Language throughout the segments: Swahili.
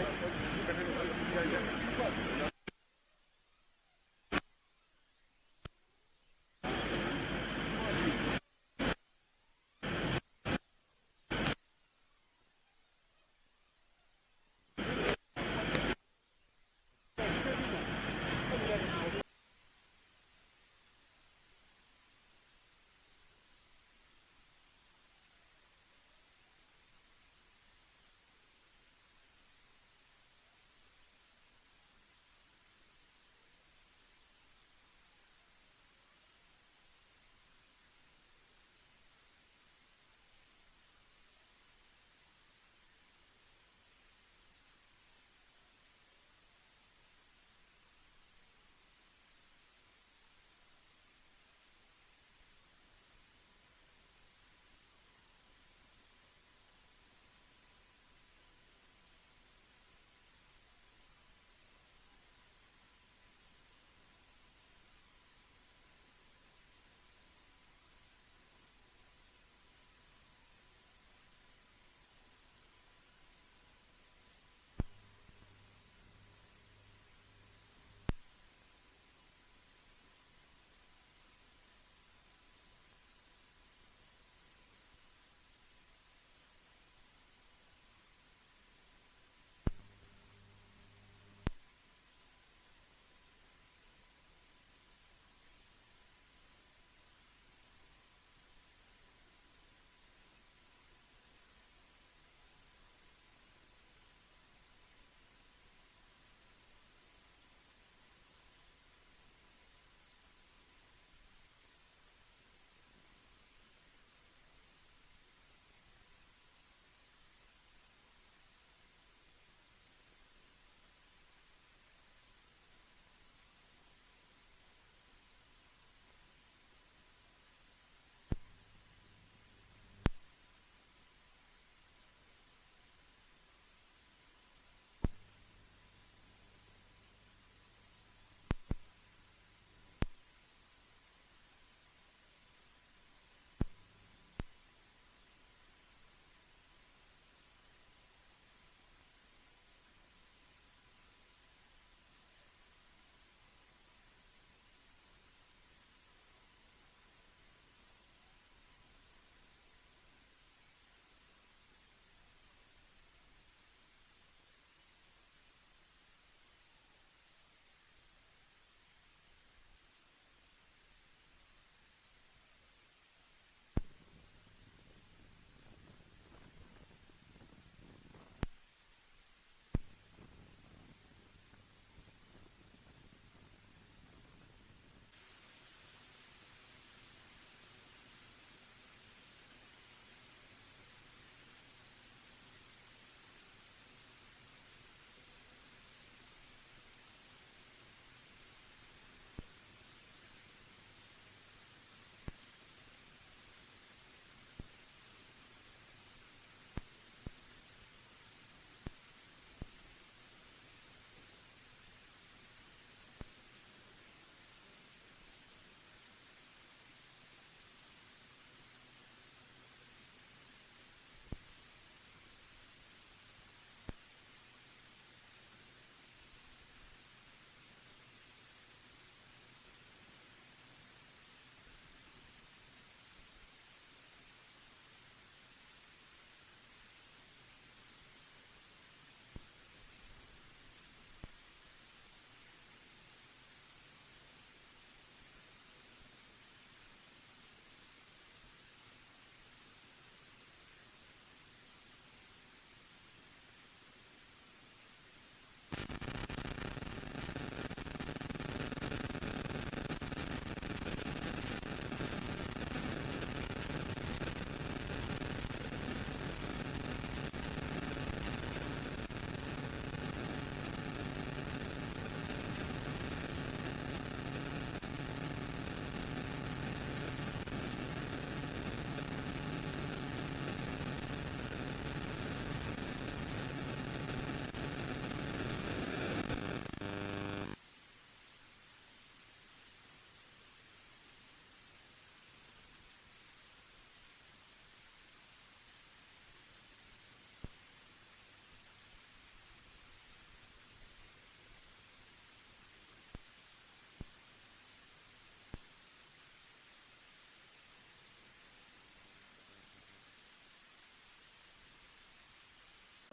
Thank you.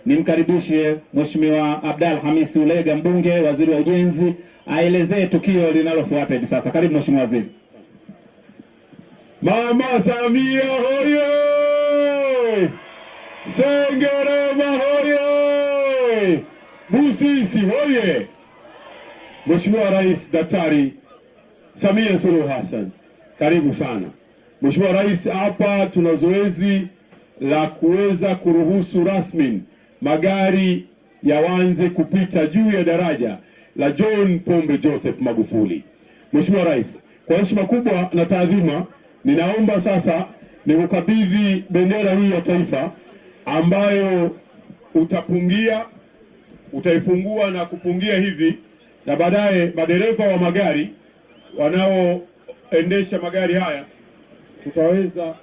nimkaribishe Mheshimiwa Abdal Hamisi Ulega, mbunge, waziri wa ujenzi, aelezee tukio linalofuata hivi sasa. Karibu Mheshimiwa Waziri. Mama Samia hoye! Sengerema hoye! Busisi hoye! Mheshimiwa Rais Daktari Samia Suluhu Hassan, karibu sana Mheshimiwa Rais. Hapa tuna zoezi la kuweza kuruhusu rasmi magari yaanze kupita juu ya daraja la John Pombe Joseph Magufuli. Mheshimiwa Rais, kwa heshima kubwa na taadhima, ninaomba sasa nikukabidhi bendera hii ya taifa ambayo utapungia, utaifungua na kupungia hivi, na baadaye madereva wa magari wanaoendesha magari haya tutaweza.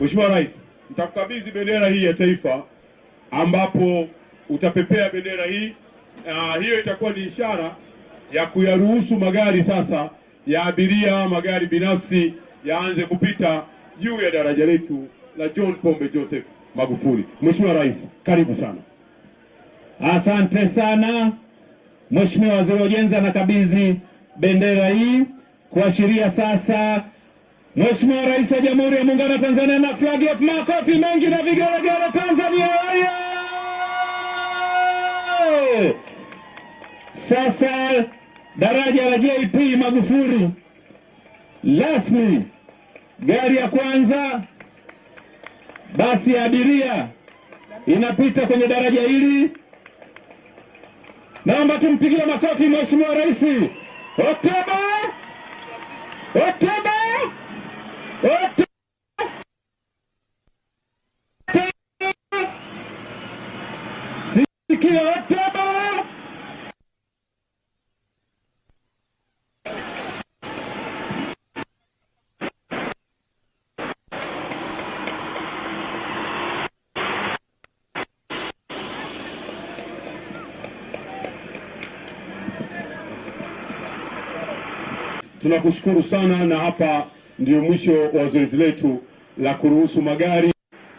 Mheshimiwa Rais nitakukabidhi bendera hii ya taifa ambapo utapepea bendera hii na ah, hiyo itakuwa ni ishara ya kuyaruhusu magari sasa ya abiria, magari binafsi yaanze kupita juu ya daraja letu la John Pombe Joseph Magufuli. Mheshimiwa Rais, karibu sana. Asante sana. Mheshimiwa Waziri wa Ujenzi anakabidhi bendera hii kuashiria sasa Mheshimiwa Rais wa Jamhuri ya Muungano wa Tanzania na flag of makofi mengi na vigelegele Tanzania oye! Sasa daraja la JP Magufuli rasmi, gari ya kwanza, basi ya abiria inapita kwenye daraja hili. Naomba tumpigie makofi Mheshimiwa Rais. Oktoba! Oktoba! Tunakushukuru sana na hapa ndio mwisho wa zoezi letu la kuruhusu magari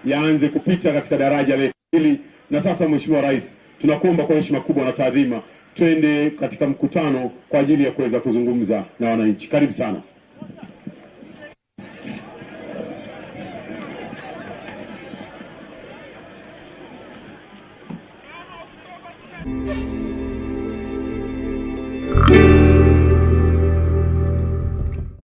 yaanze kupita katika daraja letu hili. Na sasa, Mheshimiwa Rais, tunakuomba kwa heshima kubwa na taadhima, twende katika mkutano kwa ajili ya kuweza kuzungumza na wananchi. Karibu sana.